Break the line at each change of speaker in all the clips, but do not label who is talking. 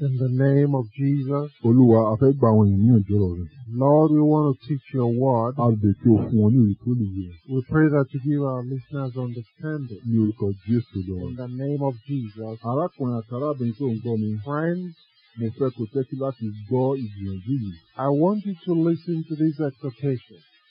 In the name of Jesus. Olúwa a fẹ́ gba àwọn èèyàn rẹ̀. Lord, we want to teach your word. A bẹ̀ kí o fún wọn ní We pray that you give our listeners understanding. Ní orúkọ Jésù lọ. In the name of Jesus. Arákùnrin àti arábìnrin tó ń gbọ́ mi. Friends. Mo fẹ́ kó tẹ́tí láti gbọ́ ìgbìyànjú yìí. I want you to listen to this exhortation.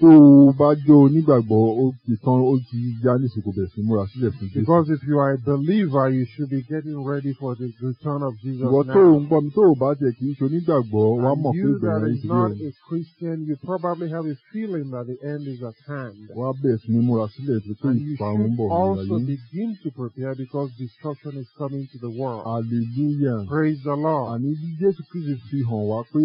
tó o bá onígbàgbọ́ ó ti tán ó ti yá bẹ̀rẹ̀ sí múra sílẹ̀ fún Jésù. because if you are a believer you should be getting ready for the return of Jesus now. tó o bá jẹ́ kí ṣe onígbàgbọ́ wàá se onigbagbo ìbẹ̀rẹ̀ and you that is not a Christian you probably have a feeling that the end is at hand. wàá bẹ̀rẹ̀ sí ní múra sílẹ̀ tó tó ìparun ń bọ̀ and you should also begin to prepare because destruction is coming to the world. hallelujah. praise the Lord. àní bí Jésù fi hàn wá pé.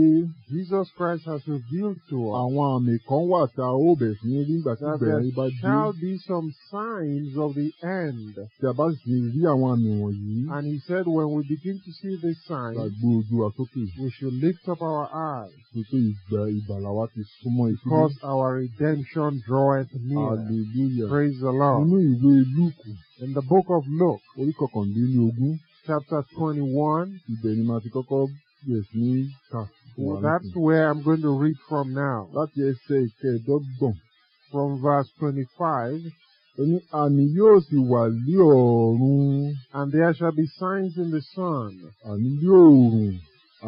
Jesus Christ has revealed to us. àwọn àmì kan wà tá a There shall be some signs of the end. Tí a bá sì rí àwọn àmì wọ̀nyí. And he said when we begin to see these signs. ojú wa sókè. We should lift up our eyes. ìgbà wa ti súnmọ́ ìfúnni. Because our redemption draweth near. Hallelujah. Praise the Lord. ìwé In the book of Luke. Orí Chapter twenty-one. Ibẹ̀ ni màá ti kọ́kọ́ that's where I'm going to read from now. From verse twenty-five. And there shall be signs in the sun.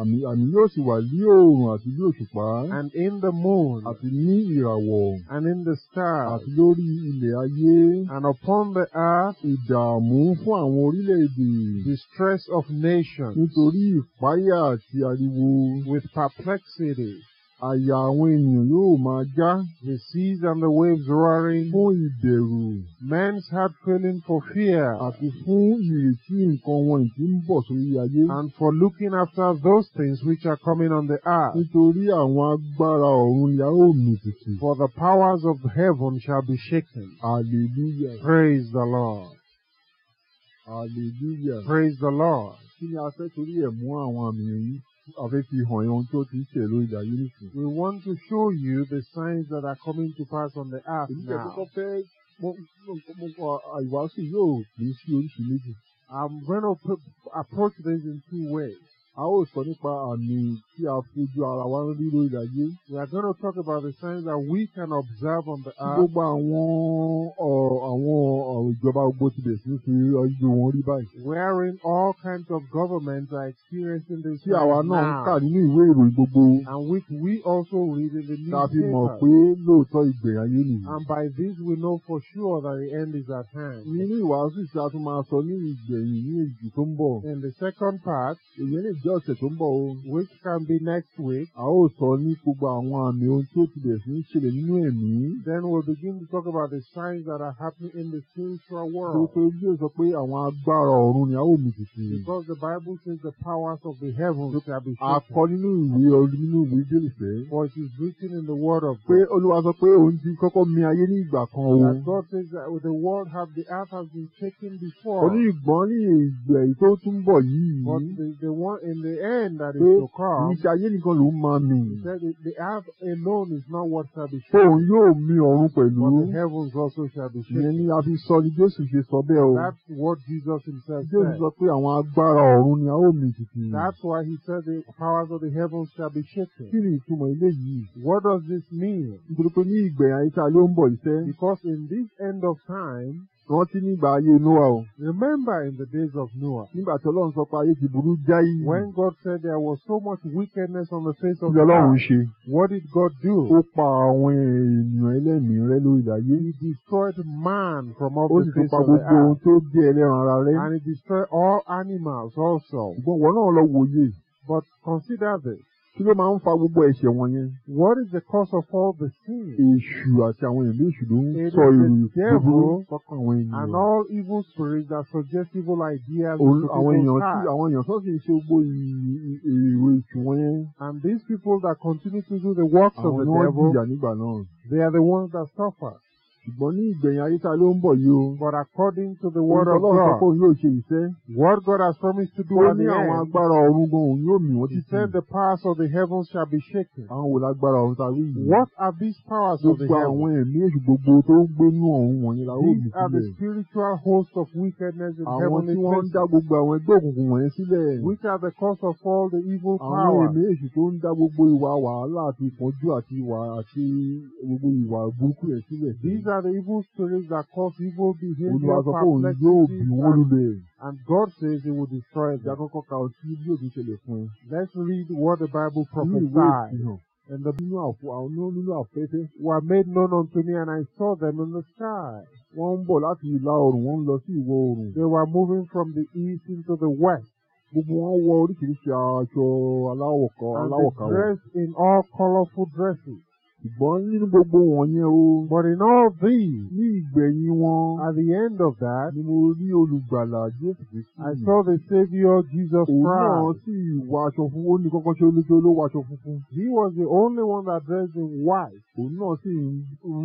Àmì àmì yóò sì wà ní oòrùn àti ní òṣùpá. And in the moon. Àti ní ìràwọ̀. And in the stars. Àti lórí ilẹ̀ ayé. And upon the earth. Ìdààmú fún àwọn orílẹ̀-èdè. Distress of nations. Nítorí ìpáyà àti ariwo. With perplexity. àyà àwọn ènìyàn The seas and the waves roaring. Fún Men's heart feeling for fear. at the ìrètí nǹkan wọn And for looking after those things which are coming on the earth. agbára ọ̀run For the powers of heaven shall be shaken. Hallelujah. Praise the Lord. Hallelujah. Praise the Lord. torí we want to show you the signs that are coming to pass on the earth now. I'm going to approach this in two ways. a ó sọ nípa àmì tí a fojú ara wa ń rí lórí ayé. we are going to talk about the signs that we can observe on the earth. gbogbo àwọn àwọn ìjọba gbogbo ti bẹ̀rẹ̀ sí fi ojú wọn rí báyìí. wherein all kinds of governments are experiencing this. tí àwa náà ń kà nínú ìwé ìròyìn gbogbo. and which we also read in the newspaper. tàbí mọ̀ pé lóòótọ́ ìgbẹ̀yìn ayé nìyí. and by this we know for sure that the end is at hand. nínú ìwàásù tí a tún ìgbẹ̀yìn ní èyí tó ń bọ̀. in the second part. èyí lè j ọjọ́ ọ̀sẹ̀ tó ń bọ̀ o which can be next week a ó sọ ní gbogbo àwọn àmì ohun tí ó ti bẹ̀rẹ̀ sí ń nínú ẹ̀mí. then we'll begin to talk about the signs that are happening in the spiritual world. tó pé yóò sọ pé àwọn agbára ọ̀run ni a ó mì tìtì. because the Bible says the powers of the heavens shall be shaken. akọ nínú ìwé ọdún nínú ìwé jẹ́lifẹ̀. for it is written in the word of God. pé Olúwa sọ pé òun ti kọ́kọ́ mi ayé ní ìgbà kan o. that God says that the world have the earth has been shaken before. onígbọ́n ní ìgbẹ̀ but the one in the end that is to come. Ìṣe ayé nìkan ló máa mì. He the earth alone is not what shall be shaken. Òun yóò mì ọ̀run pẹ̀lú. But the heavens also shall be shaken. Ìyẹn ni a fi sọ ni Jésù ṣe sọ bẹ́ẹ̀ o. That's what Jesus himself said. Jésù sọ pé àwọn agbára ọ̀run ni a ó mì tìtì. That's why he said the powers of the heavens shall be shaken. Kí ni ìtumọ̀ eléyìí? What does this mean? Nítorí ní ìgbẹ̀yà ìta ló ń bọ̀ ìṣẹ́. Because in this end of time rántí nígbà ayé Noah o. Remember in the days of Noah. Nígbà tí Ọlọ́run sọ pé ayé ti burú jáì. When God said there was so much wickedness on the face of the earth. Ọlọ́run ṣe. What did God do? Ó pa àwọn ènìyàn ẹlẹ́mìí rẹ́ lórí ilẹ̀ He destroyed man from off the face of the earth. Ó sì tún pa gbogbo ohun tó jẹ́ ẹlẹ́ran ara rẹ̀. And he destroyed all animals also. Ṣùgbọ́n wọ́n náà lọ wòye. But consider this kí ló máa ń fa gbogbo ẹ̀ṣẹ̀ wọ̀nyẹn. what is the cause of all the sin? èṣù àti àwọn ìlú èṣù ló ń sọ èrò búburú sọ́kàn àwọn ènìyàn. and all evil spirits that suggest evil ideas. àwọn èèyàn tí àwọn èèyàn tó sì ń ṣe gbogbo èrò èṣù wọ̀nyẹn. and these people that continue to do the works of the devil. àwọn ni nígbà náà. they are the ones that suffer ṣùgbọ́n ní ìgbẹ̀yìn ayé tá ló ń bọ̀ yìí o. but according to the word of God. olùsọ̀lọ́ sọ yóò ṣe ìṣe. what God has promised to do at the ó ní àwọn agbára ọ̀run gan òun yóò mì wọ́n títí. he said the powers of the heavens shall be shaken. àwọn wò lágbára ọ̀run tàbí yìí. what are these powers of the heavens. gbogbo àwọn ẹ̀mí èṣù gbogbo tó ń gbé nú ọ̀run wọ̀nyí la ó mì sílẹ̀. these are the spiritual hosts of wickedness in heaven. sílẹ̀. which are the cause of all the evil powers. àwọn ẹ̀mí èṣù tó ń dá these are out the evil spirits that cause evil behavior. And God says he will destroy them. Let's read what the Bible prophesies. And the nínú of àwọn nínú àfẹ́fẹ́. Were made known unto me and I saw them in the sky. They were moving from the east into the west. And they dressed in all colorful dresses ṣùgbọ́n nínú gbogbo wọ̀nyẹn o. but in all these ní ìgbẹ̀yìn wọn. at the end of that ni mo rí olùgbàlà Jésù Kristu. I saw the saviour Jesus Christ. òun náà sì wọ aṣọ funfun ó ní kọ́kọ́ ṣe olójú olówó aṣọ funfun. he was the only one that dressed in white. òun náà sì ń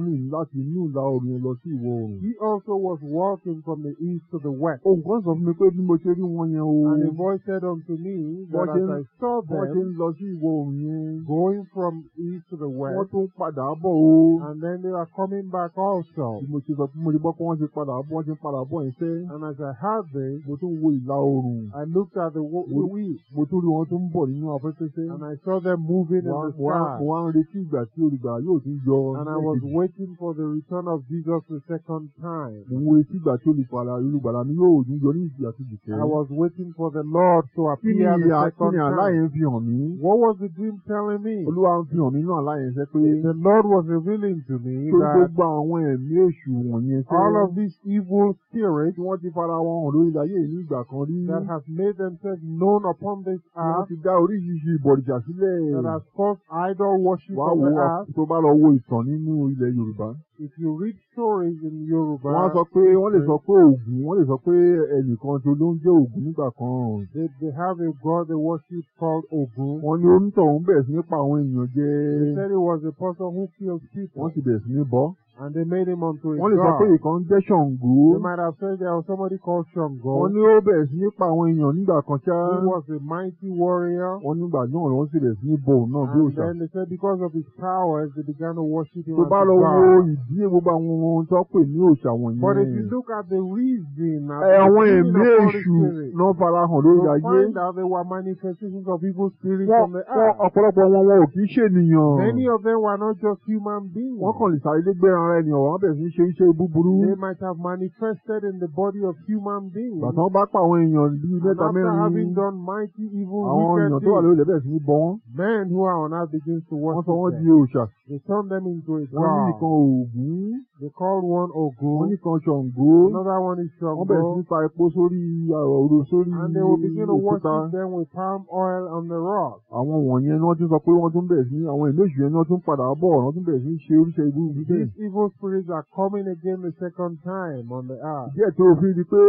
rìn láti inú ìlà oòrùn lọ sí ìwọ oòrùn. he also was walking from the east to the west. òun kan sọ fún mi pé bí mo ṣe rí wọn yẹn o. and the voice said unto me that as I saw them. ń lọ sí ìwọ oòrùn yẹn. going from east to the west. wọ́n tún padà bọ̀ o. and then they are coming back also. mo ṣe sọ mo ti gbọ́ pé wọ́n ti padà bọ̀ wọ́n ti padà bọ̀ yẹn sẹ́. and as I heard this. mo tún wo ìlà oòrùn. I looked at the wind. mo tún rí wọn tó ń bọ̀ nínú afẹ́fẹ́ and I saw them moving in the sky. mo wá ń retí ìgbà tí olùgbà yóò ti yọ. and I was waiting for the return of Jesus the second time. mo ń retí ìgbà tí olùgbàlà olùgbàlà mi yóò ní yọ ní ìgbà tó jù kẹ́. I was waiting for the Lord to appear the second time. kí ni àlá fi hàn mí? What was the dream telling me? Olúwa ń fi hàn mí náà àlá yẹn pé the Lord was revealing to me that all of these evil spirits that have made themselves known upon this earth that has caused idol worship on the earth if you read stories in Yoruba. wọ́n sọ pé wọ́n lè sọ pé Ògún wọ́n lè sọ pé ẹnìkan tó ló ń jẹ́ Ògún nígbà kan. they they have a god they worship called Ògún. wọ́n ní onítọ̀hún bẹ̀rẹ̀ sí ní pa àwọn èèyàn jẹ. they said he was a person who killed people. wọ́n sì bẹ̀rẹ̀ sí ní bọ́ and they made him unto a God. wọ́n lè sọ pé ìkan jẹ́ Ṣàngó. they might have said there was somebody called Ṣàngó. wọ́n ní ó bẹ̀rẹ̀ sí ní pa àwọn èèyàn nígbà kan ṣá. he was a mighty warrior. wọ́n nígbà náà lọ́wọ́ sì bẹ̀rẹ̀ sí ní bọ̀ náà bí òòṣà. and then they said because of his powers they began to worship him as a God. tó bá lọ wo ìdí gbogbo àwọn ohun tó pè ní òòṣà wọ̀nyí. but if you look at the reason. àwọn ẹ̀mí èṣù náà farahàn lórí ayé. you find out there were manifestations of evil spirits from the earth. many of them were not just human beings. wọ́n kàn lè sáré gbéra ara ènìyàn wọ́n bẹ̀rẹ̀ sí ṣe iṣẹ́ búburú. they might have manifested in the body of human beings. bàtà wọn bá pa àwọn èèyàn bíi mẹ́ta mẹ́rin. after having done mighty evil wicked things. àwọn èèyàn tó wà lórí lẹ́bẹ̀ẹ́ sí ní bọ́ wọn. men who are on earth begin to worship them. wọ́n sọ wọ́n di òòṣà. they turn them into a god. wọ́n ní nǹkan oògùn. They called one Ògo. Wọ́n ní kan Ṣàngó. Another one is Ṣàngó. Wọ́n bẹ̀rẹ̀ sí ní epo sórí ọ̀rọ̀ òru sórí òkúta. And they will begin to worship them with palm oil on the rock. Àwọn wọ̀nyẹn ni wọ́n tún sọ pé wọ́n tún bẹ̀rẹ̀ sí àwọn ìlú èṣù ni wọ́n tún padà bọ̀ wọ́n tún bẹ̀rẹ̀ sí ṣe oríṣẹ́ ìlú ìlú bẹ́ẹ̀. These evil spirits are coming again the second time on the earth. Díẹ̀ tó fi di pé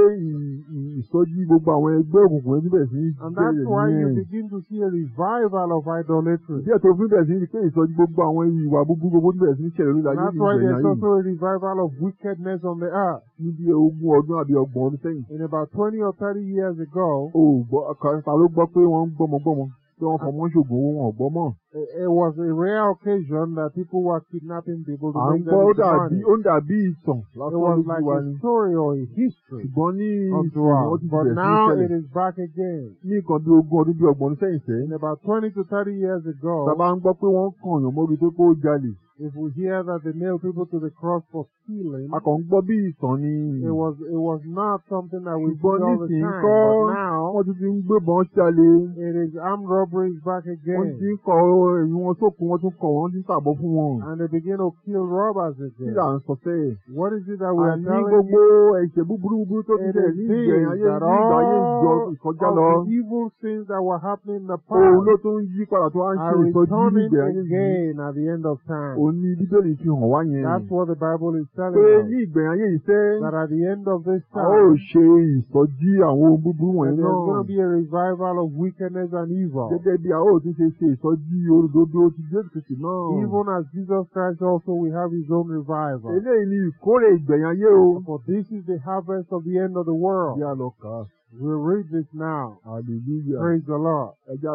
ìsọjí gbogbo àwọn ẹgbẹ́ òkùnkùn yẹn bẹ̀rẹ̀ sí ní And that's why you begin to see a revival of idolatry. Díẹ̀ tó o fi bẹ̀rẹ̀ sí ní revival of wickedness on the earth. ní bí ogún ọdún àbí ọgbọ̀n ọdún sẹ́yìn. in about twenty or thirty years ago. o gbọ́ ta pé wọ́n ń gbọ́mọgbọ́mọ pé wọ́n fọmọ́ ṣògùn owó wọn ọ̀gbọ́mọ̀ it was a rare occasion that people were kidnapping people to bring them to money. ó ìtàn it was like a story or a history. ṣùgbọ́n ní ìṣòro ti bẹ̀rẹ̀ sí ṣẹlẹ̀. but now it is back again. ní nǹkan bí ogún ọdún bí ọgbọ̀n sẹ́yìn sẹ́yìn. in about twenty to thirty years ago. sábà ń gbọ́ pé wọ́n kàn yàn mórí tó kó jalè. If we hear that they nailed people to the cross for stealing, a kàn ń gbọ́ bí ìtàn ni. It was it was not something that we did all the time. But now, wọ́n ti ti ń gbébọn ṣalè. It is armed robberies back again. Wọ́n ti ń kọ́ ẹ̀yìn wọn tó kù wọ́n tún kọ̀ wọ́n tún tàbọ̀ fún wọn. and they begin to kill robbers again. kí là ń sọ sẹ́yìn. what is it that we are telling you. àti gbogbo ẹ̀ṣẹ̀ búburú búburú tó ti dẹ̀ ní ìgbẹ̀yìn ayé ìkọjá lọ. of the evil things that were happening in the past. òun ló tún yí padà tó wá ń ṣe ìtọ́jú ìgbẹ̀yìn again at the end of time. òun ni bíbélì fi hàn wá yẹn. that's what the bible is telling us. pé ní ìgbẹ̀yìn ayé ìṣẹ́. that at the end of this time. a ó ṣe ìsọjí àwọn búburú wọ̀nyí náà. there is going to be a revival of wickedness and evil. gẹ́gẹ́ bí a ó tún ṣe ṣe ìsọjí Even as Jesus Christ also will have his own revival. For this is the harvest of the end of the world. We'll read this now. Hallelujah. Praise the Lord. Ẹja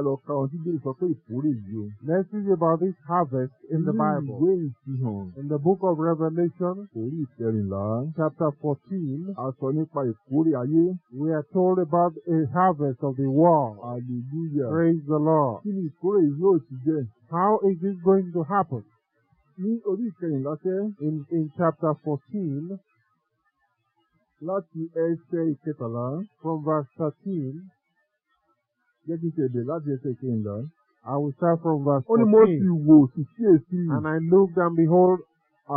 Let's read about this harvest in the Bible. In the book of Revelation. Chapter fourteen. We are told about a harvest of the world. Hallelujah. Praise the Lord. How is this going to happen? in in chapter fourteen láti ẹsẹ̀ ìkẹtàlá from verse thirteen jẹ́ kí n ṣe èdè láti ẹsẹ̀ ìkẹyìnlá. I will start from verse fourteen. ó ní mo sì wò sì kíyèsí. and I looked and behold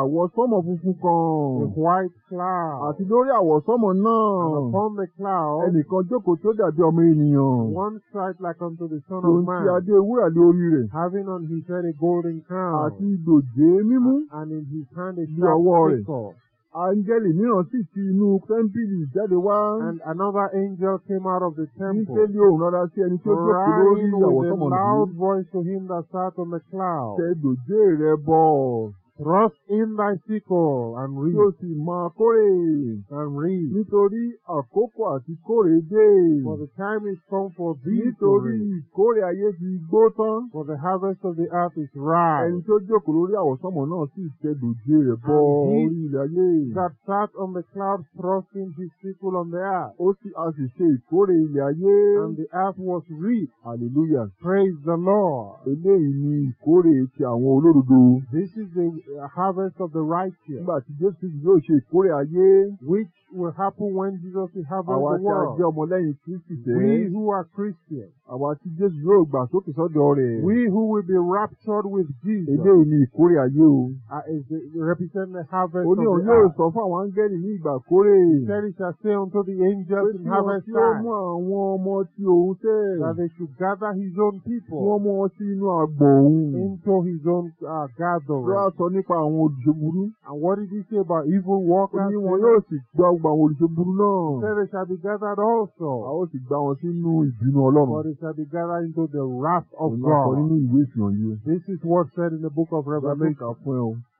àwọ̀ sọ́mọ̀ funfun kan. a white cloud. àti lórí àwọ̀ sọ́mọ̀ náà. and upon the cloud. ẹnìkan jókòó tí ó dàbí ọmọ ènìyàn. one striped like unto the son of man. tó ti adé wúrà lé orí rẹ̀. having on his head a golden crown. àti ìdòjé mímú. and in his hand a sharp sickle. Áńgẹ́lì mìíràn sì ti inú tẹ́ḿpìlì jáde wá. And another angel came out of the temple. Níṣẹ́ ni òun rárá sí ẹni tí ó jókòó lórí ìyàwó sọ́mọ̀lù. Crying with a loud voice to him that sat on the cloud. Ṣé dòjé rẹ bọ̀? Trust in thy sickle and reap. Kí o sì máa kórè. And reap. Nítorí àkókò àti kórè dé. For the time is come for thee to reap. Nítorí ìkórè ayé ti gbó tán. For the harvest of the earth is ripe. Ẹni tó jókòó lórí àwọ̀sánmọ̀ náà sì tẹ̀dòjé rẹ̀ bọ orí ilẹ̀ ayé. That sat on the cloud trusting his sickle on the earth. Ó sì a sì ṣe ìkórè ilẹ̀ ayé. And the earth was reap. Hallelujah. Praise the Lord. Eléyìí ni ìkórè ti àwọn olódodo. This is the Uh, harvest of the righteous. Which will happen when Jesus is harvest the world. We who are Christians. We who will be raptured with Jesus. Èdè ìní ìkórè ayé o. Is the represent the harvest of the earth. Oníhùn yóò sọ fún àwọn áńgẹ́lì ní ìgbà kórè. The church shall say unto the angels in harvest time. Pé kí wọ́n mú àwọn ọmọ tí òun tẹ̀. That they should gather his own people. Into his own uh, gathering nípa àwọn olùṣèbúrú. and what did he say about evil workers? ó ní wọn yóò sì gba gbogbo àwọn olùṣèbúrú náà. said they shall be gathered also. a ó sì gbá wọn sínú ìbínú ọlọ́run. for they shall be gathered into the wrath of God. òun náà kọ nínú ìwé ìfihàn yìí. this is what said in the book of Revelation.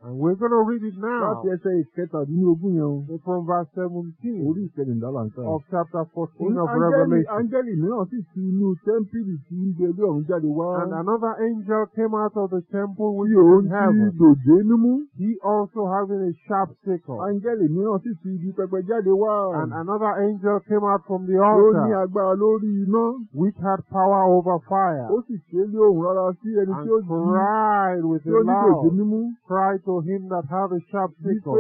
And we're going to read it now. Láti ẹsẹ̀ ìkẹtàdínlógún yẹn o. So from verse seventeen. Orí ìkẹrìndá là ń kà. Of chapter fourteen of Revelation. Áńgẹ́lì mìíràn sì ti inú tẹ́ḿpìlì tí ń bẹ ilé ọ̀run jáde wá. And another angel came out of the temple which is in heaven. Yóò ti dòjé nímú. He also having a sharp sickle. Áńgẹ́lì mìíràn sì ti ibi pẹpẹ jáde wá. And another angel came out from the altar. Ló ní agbára lórí iná. Which had power over fire. Ó sì ṣe é lé ohùn rárá sí ẹni tí ó jí. And cried with a loud cry to unto him that hath a sharp sickle,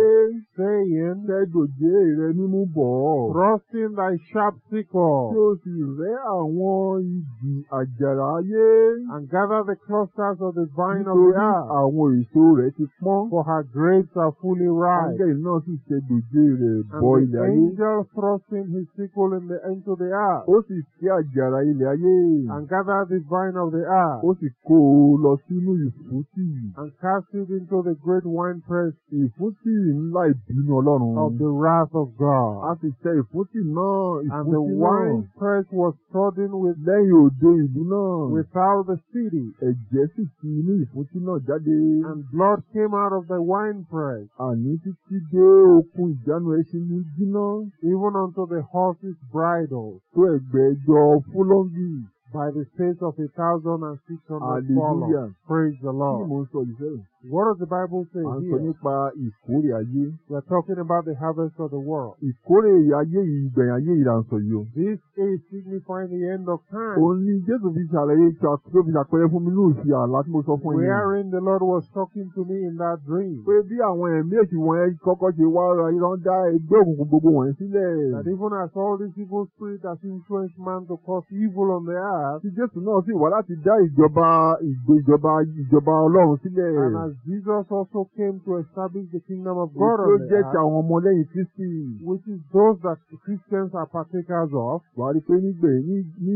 saying, Tẹ dòjé rẹ mímú bọ̀. Thrusting thy sharp sickle. Tí o sì rẹ́ àwọn igi àjàrà ayé. And gather the clusters of the vine of the earth. Nítorí àwọn èso rẹ̀ ti pọ́n. For her grapes are fully ripe. Ángẹ́lì náà sì tẹ rẹ̀ bọ̀ ilẹ̀ ayé. And the angel thrusting his sickle in the, end of the earth. Ó sì fi àjàrà ilẹ̀ ayé. And gather the vine of the earth. Ó sì kó o lọ sínú ìfúsì. And cast it into the great red winepress ìfúntì ńlá ìbínú Ọlọ́run. of the wrath of God. a sì tẹ ìfúntì náà and the winepress was trodden with. lẹ́yìn òde ìlú náà. without the city. ẹ̀jẹ̀ sì ti inú ìfúntì náà jáde. and blood came out of the winepress. àní títí dé okùn ìjánu ẹṣin ní jiná. even unto the horses bridles. tó ẹgbẹ̀jọ fúlọ́ngì by the space of a thousand and six hundred followers. Praise the Lord. Kí ni mò sọ yìí sẹ́yìn? What does the Bible say here? À sọ nípa ìkórè ayé. We are talking about the harvest of the world. Ìkórè ayé yìí ìgbẹ̀yìn ayé yìí là ń sọ yìí o. This is signifying the end of time. Òun ni Jésù fi ṣàlàyé tó fi ṣàpẹẹrẹ fún mi ní òsì àlá tí mo sọ fún yín. Wherein the Lord was talking to me in that dream. Pé bí àwọn ẹ̀mí èsì wọ̀nyẹn kọ́kọ́ ṣe wá ra irọ́ ń dá ẹgbẹ́ òkùnkùn gbogbo wọ̀nyẹn sílẹ̀. That even as all these evil spirits have influenced man to cause evil on the earth tí Jésù náà sì wá láti dá ìjọba ìjọba ìjọba Ọlọ́run sílẹ̀. And as Jesus also came to establish the kingdom of God on earth. Èyí jẹ́ ti àwọn ọmọlẹ́yìn Kristi. Which is those that Christians are partakers of. Wà á rí i pé ní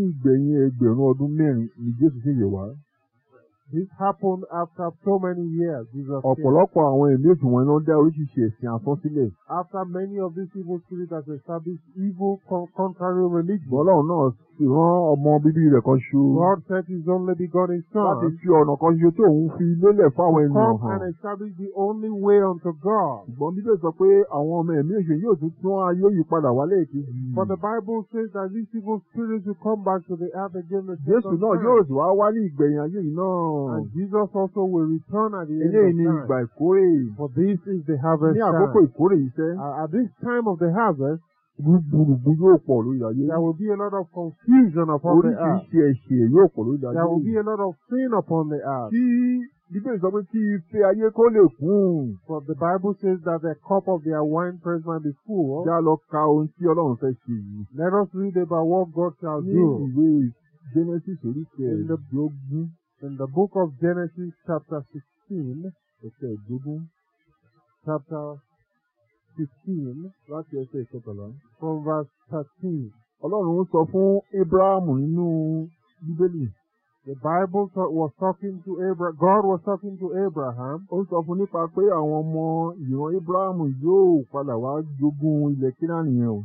ìgbẹ̀yìn ẹgbẹ̀rún ọdún mẹ́rin ni Jésù sì yẹ̀ wá. This happened after so many years. Ọ̀pọ̀lọpọ̀ àwọn ẹ̀mí èṣù wọn ló dá oríṣiríṣi ẹ̀sìn asán After many of these evil spirits have established evil contrary religion. Bọ́lọ́run náà rán ọmọ bíbí rẹ̀ kan ṣo. God sent his only begotten son. láti fi ọ̀nà kan ṣo tó òun fi lélẹ̀ fáwọn ènìyàn hàn. come and establish the only way unto God. ṣùgbọ́n bíbélì sọ pé àwọn ọmọ ẹ̀mí èṣù yóò tún tún ayé yìí padà wálé èkejì. but the bible says that these evil spirits will come back to the earth again. Jésù náà yóò sì wá wá ní ìgbẹ̀yìn ayé yìí náà. and Jesus also will return at the end of time. eléyìí ni ìgbà ìkórè. for this is the harvest time. ní àkókò ìkórè yìí sẹ́. at this time of the harvest gbogbo yóò pọ̀ lórí ayé. there will be a lot of confusion upon the earth. oríṣiríṣi ẹ̀ṣẹ̀ yóò pọ̀ lórí ayé. there will be a lot of sin upon the earth. tí bíbélì sọ pé kí ife ayé kó lè kún. for the bible says that the cup of their wine press might be full. kí a ka ohun tí Ọlọ́run fẹ́ ṣe yìí. let us read about what God shall do. ní ìwé Genesis orí kẹẹ̀ẹ́dógún. in the book of Genesis chapter sixteen. ẹsẹ̀ ìdógún. chapter fifteen láti ẹsẹ̀ ìkẹtàlá from verse thirteen ọlọ́run sọ fún abraham nínú bíbélì the bible was talking to abraham god was talking to abraham ó sọ fún nípa pé àwọn ọmọ ìran abraham yóò padà wá jogún ilẹ̀ kínáànì yẹn o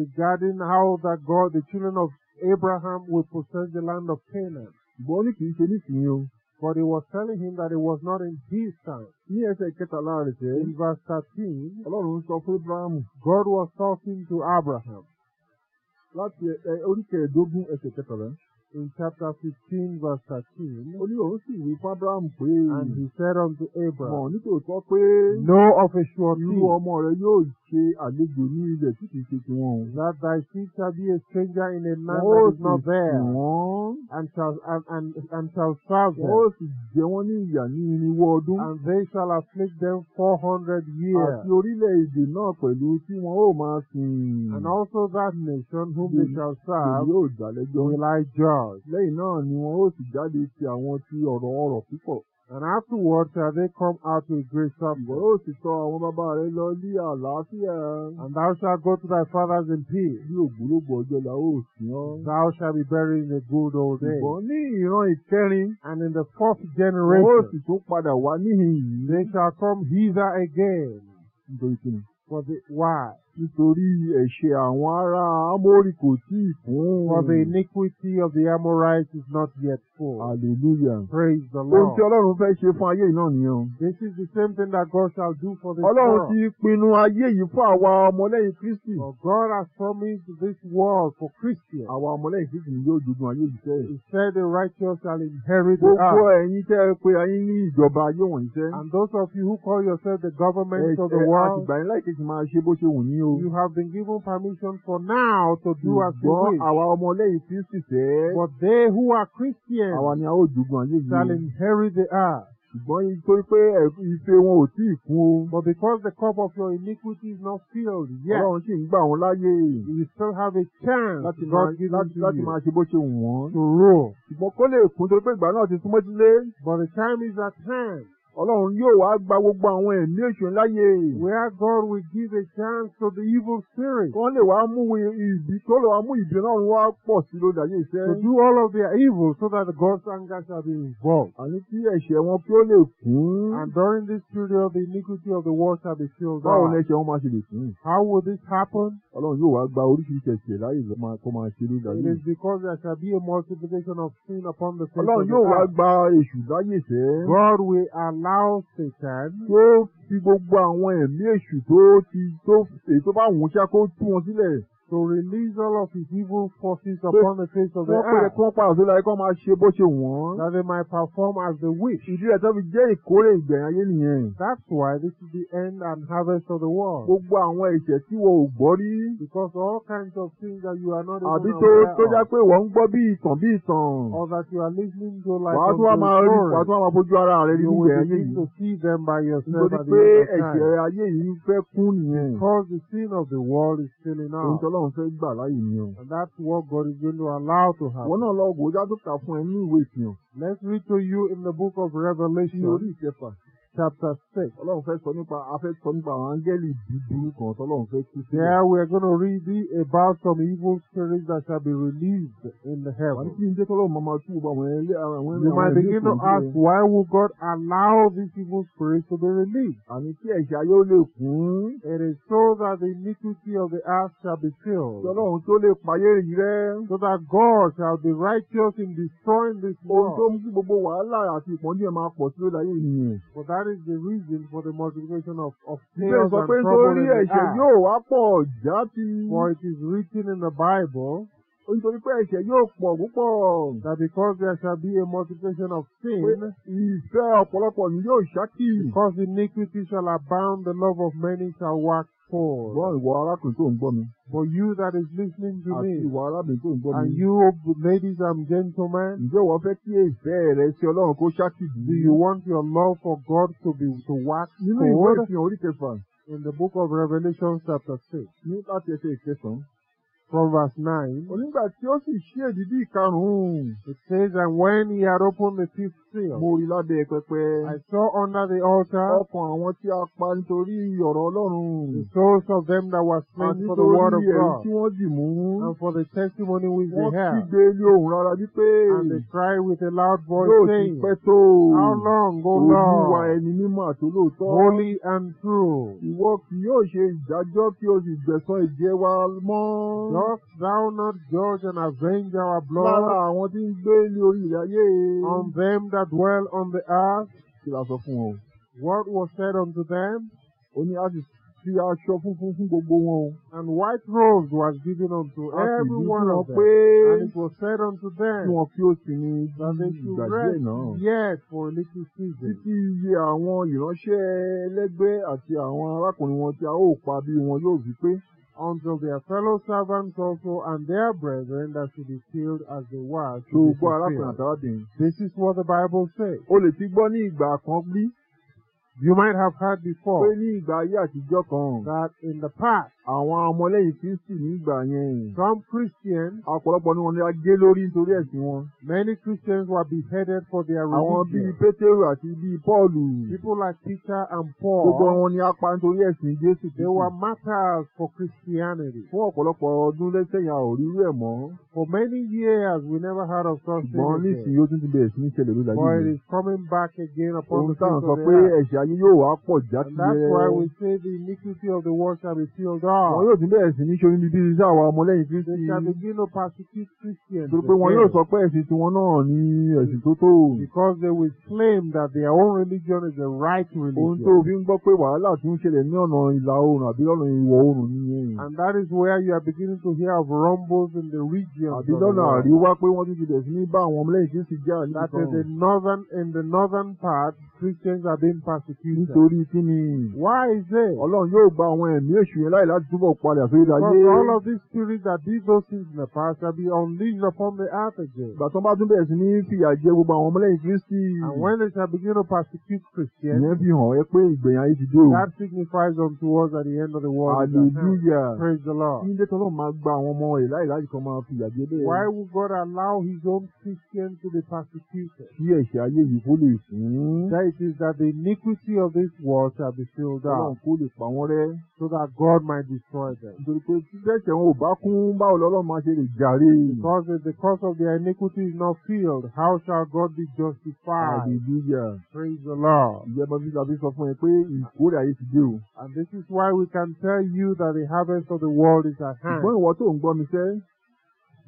regarding how that god the children of abraham will possess the land of canaan ṣùgbọ́n ó ní kì í ṣe nísìnyí o. But he was telling him that it was not in his time. Ní ẹsẹ̀ kẹtàlá rẹ̀ ṣe. In verse thirteen. Ọlọ́run sọ fún Abraham. God was talking to Abraham. Láti ẹ eh, oríkèédógún ẹsẹ̀ kẹtàlá. In chapter fifteen verse thirteen. Ó ní òun sì wí fún Abraham pé. And he said unto Abraham. Mọ̀ nítòótọ́ pé. Know of a surety. Irú ọmọ rẹ yóò ṣe àlejò ní ilẹ̀ tí kìí ṣe tiwọn o. that thy seed shall be a stranger in a land that is not there. and shall and and shall serve them. wọ́n sì jẹ wọ́n ní ìyà ní irinwó ọdún. and they shall afflict them four hundred years. àti orílẹ̀-èdè náà pẹ̀lú tí wọn ó máa sìn. and also that nation whom they shall serve. yóò dálẹ́jọ́. will I judge. lẹ́yìn náà ni wọn ó sì jáde ti àwọn ti ọ̀rọ̀ ọ̀rọ̀ púpọ̀. And afterwards shall they come out with great substance. Oh, and thou shalt go to thy fathers in peace. Thou shalt be buried in a good old age. You know it's ìkẹrin. And in the fourth generation. Oh, they shall come hither again. For the why? nítorí ẹ̀ṣẹ̀ àwọn ará Amórì kò tíì kún. For the iniquity of the Amorites is not yet full. Hallelujah. Praise the Lord. Ohun tí Ọlọ́run fẹ́ ṣe fún ayé yìí náà nìyẹn. This is the same thing that God shall do for this world. Ọlọ́run ti pinnu ayé yìí fún àwa ọmọlẹ́yìn Kristi. For God has promised this world for Christians. Àwa ọmọlẹ́yìn Kristi ni yóò jogún ayé yìí sẹ́yìn. He said the righteous shall inherit the earth. Gbogbo ẹ̀yin tẹ́ ẹ pé ayé ní ìjọba ayé wọ̀nyí sẹ́. And those of you who call yourself the government of the world. Ẹ ẹ àtìgbà yẹn láì o. you have been given permission for now to do as you wish. àwa ọmọ lẹ́yìn Kristi fẹ́. but they who are Christians. àwa ni a ó jogún ayé yìí. shall inherit the earth. Ṣùgbọ́n nítorí pé ife wọn ò tí ì kún But because the cup of your iniquity is not filled yet. Ọlọ́run sì ń gbà wọ́n láyé. You still have a chance. Láti máa láti láti máa ṣe bó ṣe wù wọ́n. To rule. Ṣùgbọ́n kó lè kún torí pé ìgbà náà ti súnmọ́ sílé. But the time is at hand. Ọlọ́run yóò wá gba gbogbo àwọn ẹ̀mí èṣù láyè. Where God will give a chance to the evil spirit. Wọ́n lè wá mú ìbí tó lè wá mú ìbí náà wá pọ̀ sí lórí ayé iṣẹ́. To do all of their evil so that the God's anger shall be involved. Àní kí ẹ̀ṣẹ̀ wọn kí ó lè kún. And during this period the iniquity of the world shall be filled out. Báwo ni ẹ̀ṣẹ̀ wọn máa ṣe lè kún? How will this happen? Ọlọ́run yóò wá gba oríṣiríṣi ẹ̀ṣẹ̀ láyè tó máa ṣe lórí ayé. It is because there shall be a multiplication of sin upon the face of the earth. Ọlọ́run yóò wá gba God will allow allow Satan. Tó fi gbogbo àwọn ẹ̀mí èṣù tó ti tó èyí tó bá wùn ṣá kó tú wọn sílẹ̀ to release all of his evil forces upon the face of the earth. wọ́n pè kí wọ́n pa òṣèlú ayé kí wọ́n máa ṣe bó ṣe wọ́n. that they might perform as they wish. ìdí rẹ̀ tó fi jẹ́ ìkórè ìgbẹ̀yìn ayé nìyẹn. that's why this is the end and harvest of the world. gbogbo àwọn ẹ̀ṣẹ̀ tí wọ́n ò gbọ́ rí. because all kinds of things that you are not even aware of. àbí tó tó pé wọ́n ń gbọ́ bí ìtàn bí ìtàn. or that you are listening to like a story. wàá tún wá máa rí ara rẹ rí nígbẹ̀yìn ayé yìí. you will begin to the because the sin of the world is still enough. Ọlọ́run fẹ́ gbà láyè mi o. And that's what God is going to allow to happen. Wọ́n náà lọ wò ó já tó kà fún ẹ ní ìwé ìfihàn. Let's read to you in the book of Revelation. Ti orí ìkẹfà chapter six. Ọlọ́run fẹ́ sọ nípa afẹ́ sọ nípa àwọn áńgẹ́lì búburú kan tọ́lọ́run fẹ́ tú There we are gonna read about some evil spirits that shall be released in the heaven. Wàá kí n jẹ́ tọ́lọ́run máa máa tú gbogbo àwọn ẹlẹ́ àwọn ẹlẹ́ àwọn ẹlẹ́. You might begin to ask why would God allow these evil spirits to be released? Àní kí ẹ̀ṣẹ̀ ayé ó lè kún. It is so that the iniquity of the earth shall be filled. Tọ́lọ́run tó lè payé yìí rẹ́. So that God shall be righteous in destroying this world. Ohun tó mú gbogbo wàhálà àti ìpọ́njú ẹ̀ máa pọ̀ sí ó láyé ènìyàn. For that that is the reason for the multiplication of of tails and trouble in the earth. yóò wá pọ̀ jáde. for it is written in the Bible. Nítorí pé ẹ̀ṣẹ̀ yóò pọ̀ púpọ̀. That because there shall be a multiplication of sin. Pé ìfẹ́ ọ̀pọ̀lọpọ̀ ni yóò ṣákì. Because iniquity shall abound, the love of many shall wax for. Gbọ́ ìwọ arákùnrin tó ń gbọ́ mi. For you that is listening to me. Àti ìwọ arábìnrin tó ń gbọ́ mi. And you ladies and gentlemen. Ǹjẹ́ wọ́n fẹ́ kí ìfẹ́ rẹ sí Ọlọ́run kó ṣákìdì? Do you want your love for God to be to wax Nínú ìwé ìfihàn orí kẹfà. In the book of Revelation chapter six. Ní láti ẹsẹ̀ ìkẹsàn-án from verse 9. Onígbà tí ó sì ṣí èdìdí ìkarùn-ún. It says that when he had opened the fifth seal. Mo rí lábẹ́ pẹpẹ. I saw under the altar. Ọkàn àwọn tí a pa nítorí ọ̀rọ̀ Ọlọ́run. The souls of them that were slain for the word of God. Àti ẹ̀rí tí wọ́n dì mú. And for the testimony which they held. Wọ́n kígbe ní ohùn rárá wípé. And they cried with a loud voice saying. Yóò ti pẹ́ tó. How long, O Lord? Olúwa ẹni mímọ́ àtolóòtọ́. Holy and true. Ìwọ kì yóò ṣe ìdájọ́ kí o sì gbẹ̀san ìjẹ wa mọ́. Dost thou not judge and avenge our blood? Lára àwọn tí ń gbé ní orí ìyáyé. On them that dwell on the earth. Kí la sọ fún wọn? What was said unto them? Ó ní a fi aṣọ funfun fún gbogbo wọn And white robes was given unto every one of them. And it was said unto them. Kí wọ́n kí ó ní ìgbà náà. Yet for a little season. Títí iye àwọn ìránṣẹ́ ẹlẹ́gbẹ́ àti àwọn arákùnrin wọn tí a ó pa bí wọn yóò fi pé. until their fellow servants also and their brethren that should be killed as they were to be This is what the Bible says. You might have heard before. That in the past. àwọn ọmọlẹ́yìn kristi nígbà yẹn. some christians ọ̀pọ̀lọpọ̀ ni wọ́n ní a gé lórí nítorí ẹ̀sìn wọn. many christians were beheaded for their religion. àwọn bíi pétérù àti bíi pọ́ọ̀lù. people like peter and paul. gbogbo wọn ni a pa nítorí ẹ̀sìn jésù. they were martyrs for christianity. fún ọ̀pọ̀lọpọ̀ ọdún lẹ́sẹ̀yà ò rí rẹ̀ mọ́. for many years we never heard of such things. ṣùgbọ́n nísìnyí ó tún ti bẹ̀rẹ̀ sí ní ṣẹlẹ̀ lójú ayé mi. it is coming back again upon the people of the earth. that's why we say the iniquity of the world shall be filled up wrong. Wọn yóò tún bẹ̀rẹ̀ sí ní ṣorí níbi iṣẹ́ àwọn ọmọlẹ́yìn Kristi. They shall begin to persecute Christians. pé wọn yóò sọ pé ẹ̀sìn tiwọn náà ní ẹ̀sìn tó tó. Because they will claim that their own religion is the right religion. Ohun tó fi ń gbọ́ pé wàhálà tí ń ṣẹlẹ̀ ní ọ̀nà ìlà oòrùn àbí ọ̀nà ìwọ̀ oòrùn nìyẹn. And that is where you are beginning to hear of rumbles in the region. Àbí lọ́nà àríwá pé wọ́n ti tilẹ̀ sí ní bá That is the northern in the northern part Christians are being persecuted. Why is it? túbọ̀ padà sí ayé. For all of these spirits that did those things in the past shall be unleashed upon the earth again. Ìgbà tí wọ́n bá tún bẹ̀rẹ̀ sí ní fìyà jẹ gbogbo àwọn ọmọlẹ́yìn Kristi. And when they shall begin to persecute Christians. Ìyẹn fi hàn ẹ́ pé ìgbẹ̀yìn ayé ti dé o. That signifies unto us at the end of the world. Hallelujah. Praise the Lord. Ilé tọ́lọ́ máa gba àwọn ọmọ rẹ̀ láì láì kan máa fìyà jẹ bẹ́ẹ̀. Why would God allow his own Christians to be persecuted? Kí ẹ̀ṣẹ̀ ayé yìí kó lè sùn. That it is that the iniquity of this world shall be filled out. Ọlọ́run kó lè pa wọ́n rẹ́. So that God might destroy them. Nítorí pé tí ẹ̀ṣẹ̀ wọn ò bá kún báwo lọ́lọ́run máa ṣe lè jàre. Because the cause of their iniquity is not filled, how shall God be justified? Hallelujah. Praise the Lord. Ìyẹn bá bíbí sọ fún yẹn pé ìkórè ayé ti dé o. And this is why we can tell you that the harvest of the world is at hand. Ṣùgbọ́n ìwọ tó ń gbọ́ mi sẹ́.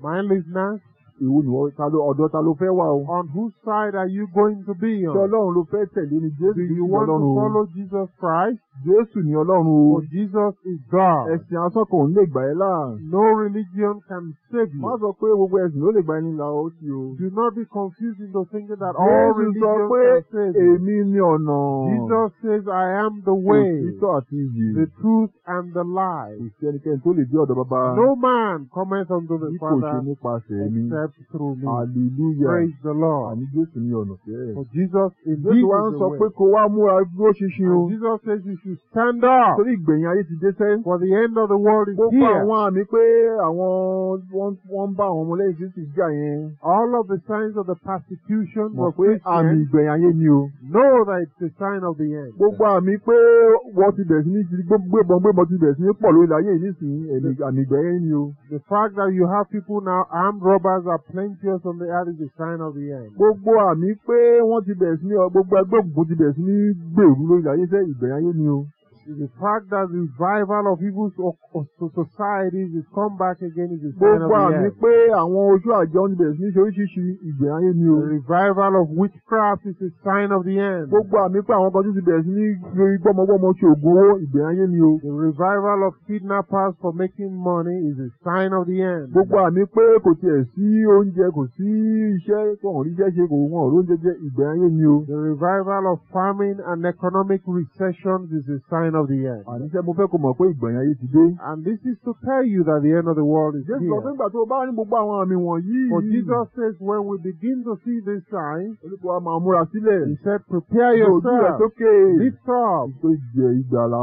My listeners. Èwo ni wọ́n ta ló ọ̀dọ̀ ta ló fẹ́ wà o. On whose side are you going to be on? Ṣé Ọlọ́run ló fẹ́ tẹ̀lé ni Jésù ni Ọlọ́run o? Do you want to follow Jesus Christ? Jésù ni Ọlọ́run o. For Jesus is God. Ẹ̀sìn asán ò ní lè gbà ẹ́ là. No religion can save you. Má sọ pé gbogbo ẹ̀sìn ló lè gbà ẹni là ó ti o. Do not be confused into thinking that all religion can save you. Jésù sọ pé èmi ni ọ̀nà. Jesus says I am the way. Òtítọ́ àti iyì. The truth and the lie. Kò sí tó lè dé ọ̀dọ̀ bàbá. No man comment unto the Father. Bí kò ṣe helps through me. Hallelujah. Praise the Lord. Àní Jésù ní ọ̀nà For Jesus is the way. Jésù wa ń sọ pé kó wá múra dúró ṣinṣin o. Jesus says you should stand up. Torí ìgbẹ̀yìn ayé ti dé sẹ́. For the end of the world is here. Gbogbo àwọn àmì pé àwọn wọ́n ń bá àwọn ọmọlẹ́yìn Jésù jà yẹn. All of the signs of the persecution of Christians. Mọ̀ pé àmì ìgbẹ̀yìn ayé ni o. Know that it's the sign of the end. Gbogbo àmì pé wọ́n ti bẹ̀rẹ̀ sí ní gbébọn gbébọn ti bẹ̀rẹ̀ sí ní pọ̀ lórí ayé yìí àmì ìgbẹ̀yìn ni o. The fact that you have people now armed robbers are plenteous on the earth is the sign of the end. Gbogbo àmì pé wọ́n ti bẹ̀rẹ̀ sí ní gbogbo ẹgbẹ́ òkùnkùn ti bẹ̀rẹ̀ sí ní gbèrú lórí ayé sẹ́ ìbẹ̀rẹ̀ ayé ni o. The fact that the revival of evil societies is come back again is a sign of the end. Gbogbo àmì pé àwọn ojú àjọ ń bẹ̀rẹ̀ ní oríṣiríṣi ìgbìn ayé ni o. The revival of witchcraft is a sign of the end. Gbogbo àmì pé àwọn kan ti bẹ̀rẹ̀ ní lórí gbọ́mọgbọ́mọ ṣe ògùn owó ìgbìn ayé ni o. The revival of kidnappers for making money is a sign of the end. Gbogbo àmì pé kò tiẹ̀ sí oúnjẹ kò sí iṣẹ́ kò hàn ríṣẹ́ ṣe kò wọ́n ò lóúnjẹ jẹ ìgbìn ayé ni o. The revival of farming and economic recession is a sign end of the end. àníṣe mo fẹ́ kó mọ̀ pé ìgbọ̀nyà yìí ti dé. and this is to tell you that the end of the world is Jésù here. Jésù nígbà tí o bá ní gbogbo àwọn àmì wọ̀nyí. for Jesus says when we begin to see these signs. olùkọ́ a máa múra sílẹ̀. he said prepare yourself. ojú rẹ̀ sókè. lift up. ìgbẹ́ ìgbàlà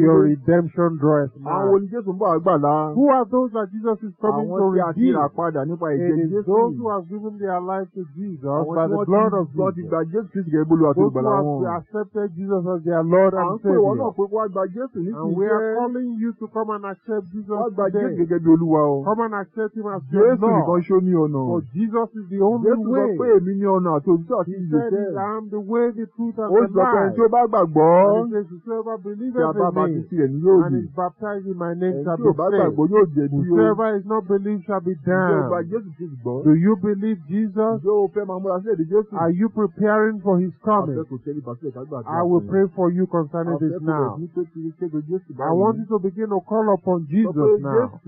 your redemption dress. àwọn oníjésù ń àgbàlá. who are those that Jesus is coming to redeem? àwọn tí a ti rà padà nípa ìjẹ́ Jésù. it is those who have given their life to Jesus by the blood of Jesus. àwọn tí wọ́n those who have accepted Jesus as their Lord and Savior. and we are calling you to come and accept Jesus today. come and accept him as your Lord. Jésù nìkan ṣó ní for Jesus is the only Jésù way. Jésù sọ pé èmi ni ọ̀nà àti òtítọ́ he said I am the way the truth and the life. he says whoever believes in me. tí a bá bá and is baptized in my name shall be saved. whoever is not believed shall be damned. do you believe Jesus? are you preparing for his coming? I will pray for you concerning this now. now. Àwọn tí to begin to call upon Jesus now.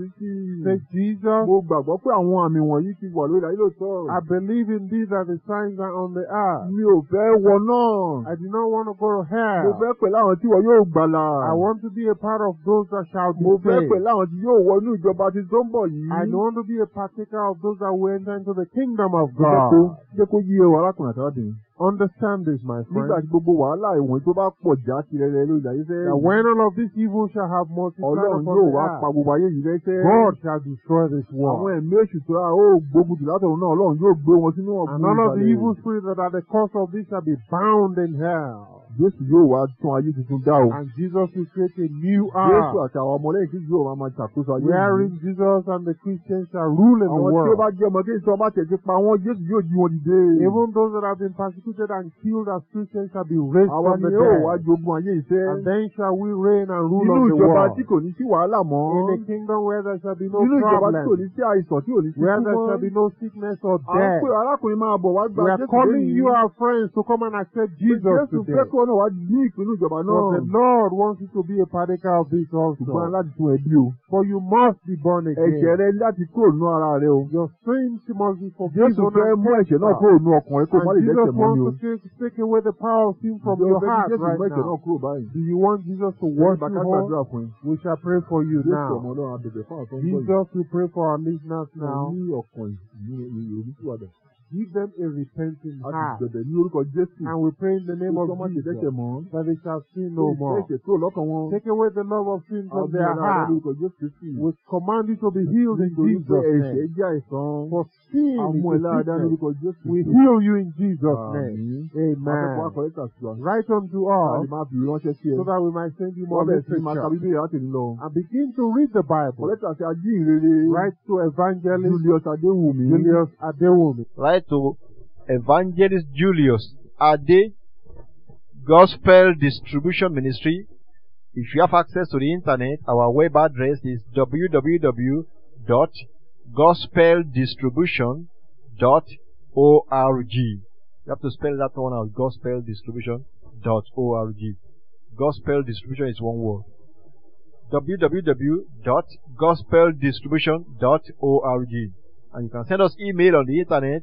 Say Jesus. Mo gbàgbọ́ pé àwọn àmì wọ̀nyí ti wà lórí ayé lóòótọ́. I believe in these that the signs are on the earth. Mi ò fẹ́ wọ náà. I do not want to go to hell. Mo fẹ́ pẹ̀lú àwọn tí wọ́n yóò gbàlà. I want to be a part of those that shall be saved. Mo fẹ́ pẹ̀lú àwọn tí yóò wọ inú ìjọba tí tó ń bọ̀ yìí. I don't want to be a partaker of those that will enter into the kingdom of God. Ṣé kó yí ewu arákùnrin àtàwọn dìrín? Understand this, my friend. Nígbà tí gbogbo wàhálà ìwọ̀n tó bá pọ̀ já ti rẹ̀ rẹ̀ lórí ayé fẹ́. That when all of this evil shall have multiplied upon the earth. Ọlọ́run yóò wá pa gbogbo ayé yìí rẹ́ God shall destroy this world. Àwọn ẹ̀mí èṣù tó a ó gbógun jù látọ̀run náà Ọlọ́run yóò gbé wọn sínú ọ̀gbun ìgbàlẹ̀. And all of the evil spirits that are the cause of this shall be bound in hell. Jésù yóò wá tún ayé tuntun dá o. And Jesus will create a new hour. Jésù àti àwọn ọmọlẹ́yìn Kristu yóò máa ma ṣàkóso ayé yìí. Wherein Jesus and the Christians shall rule in the world. Àwọn tí ó bá jẹ́ ọmọ Kristu ọmọ àtẹ̀jẹ́ pa wọ́n Jésù yóò jí wọn dìde. Even those that have been persecuted and killed as Christians shall be raised from the dead. Àwọn ni yóò wá jogún ayé ìfẹ́. And then shall we reign and rule of the world. Nínú ìjọba tí kò ní sí wàhálà mọ́. In a kingdom where there shall be no problem. Nínú ìjọba tí kò ní sí àìsàn tí ò ní sí kúmọ́. Where there shall be no sickness or death. We are calling you our friends to come and accept Jesus today ọjọ́ náà wá ní ìpinnu ìjọba náà. the Lord wants you to be a particle of this also. ṣùgbọ́n láti tún ẹbí o. for you must be born again. ẹ̀jẹ̀ rẹ láti kúrò nù ara rẹ o. your sins must be forgiven. Jésù fẹ́ mú ẹ̀jẹ̀ náà kúrò nù ọkàn rẹ kó má lè dẹ́ṣẹ̀ mọ́ o. and Jesus wants to take, away the power of sin from your heart right now. ẹ̀jẹ̀ náà kúrò báyìí. do you want Jesus to wash you whole? we shall pray for you now. Jesus will pray for our listeners now. give them a repenting heart. And we pray in the name of Jesus. Ìjọba ti That they shall sin no more. Take away the love of sin from their heart. Àwọn We command you to be healed in Jesus' name. For sin is sickness. We heal you in Jesus' name. Amen. Write unto us. So that we might send you more messages. And begin to read the Bible. Write to evangelist
Julius Adewumi. Julius Adewumi. Write to Evangelist Julius Ade Gospel Distribution Ministry. If you have access to the internet, our web address is www.gospeldistribution.org. You have to spell that one out gospeldistribution.org. Gospel distribution is one word www.gospeldistribution.org and you can send us email on the internet